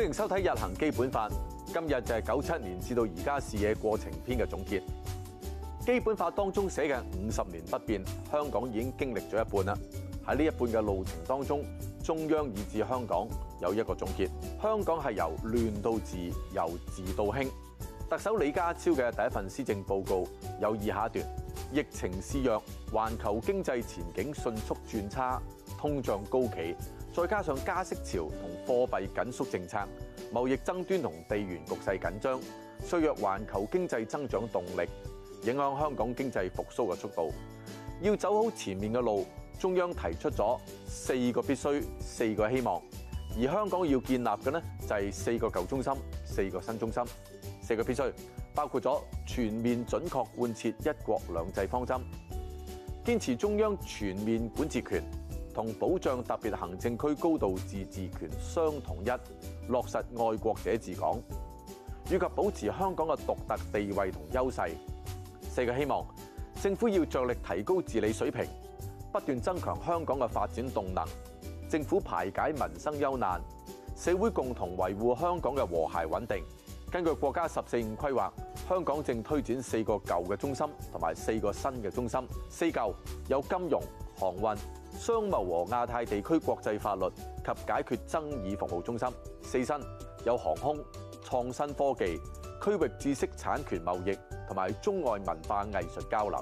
歡迎收睇《日行基本法》，今日就係九七年至到而家視野過程篇嘅總結。基本法當中寫嘅五十年不變，香港已經經歷咗一半啦。喺呢一半嘅路程當中，中央以至香港有一個總結：香港係由亂到治，由治到興。特首李家超嘅第一份施政報告有以下一段：疫情肆虐，環球經濟前景迅速轉差，通脹高企。再加上加息潮同貨幣緊縮政策、貿易爭端同地緣局勢緊張，削弱環球經濟增長動力，影響香港經濟復蘇嘅速度。要走好前面嘅路，中央提出咗四個必須、四個希望，而香港要建立嘅呢，就係四個舊中心、四個新中心。四個必須，包括咗全面準確貫徹一國兩制方針，堅持中央全面管治權。同保障特別行政區高度自治權相統一，落實愛國者治港，以及保持香港嘅獨特地位同優勢。四個希望，政府要着力提高治理水平，不斷增強香港嘅發展動能。政府排解民生憂難，社會共同維護香港嘅和諧穩定。根據國家十四五規劃，香港正推展四個舊嘅中心同埋四個新嘅中心。四舊有金融、航運、商貿和亞太地區國際法律及解決爭議服務中心。四新有航空、創新科技、區域知識產權貿易同埋中外文化藝術交流。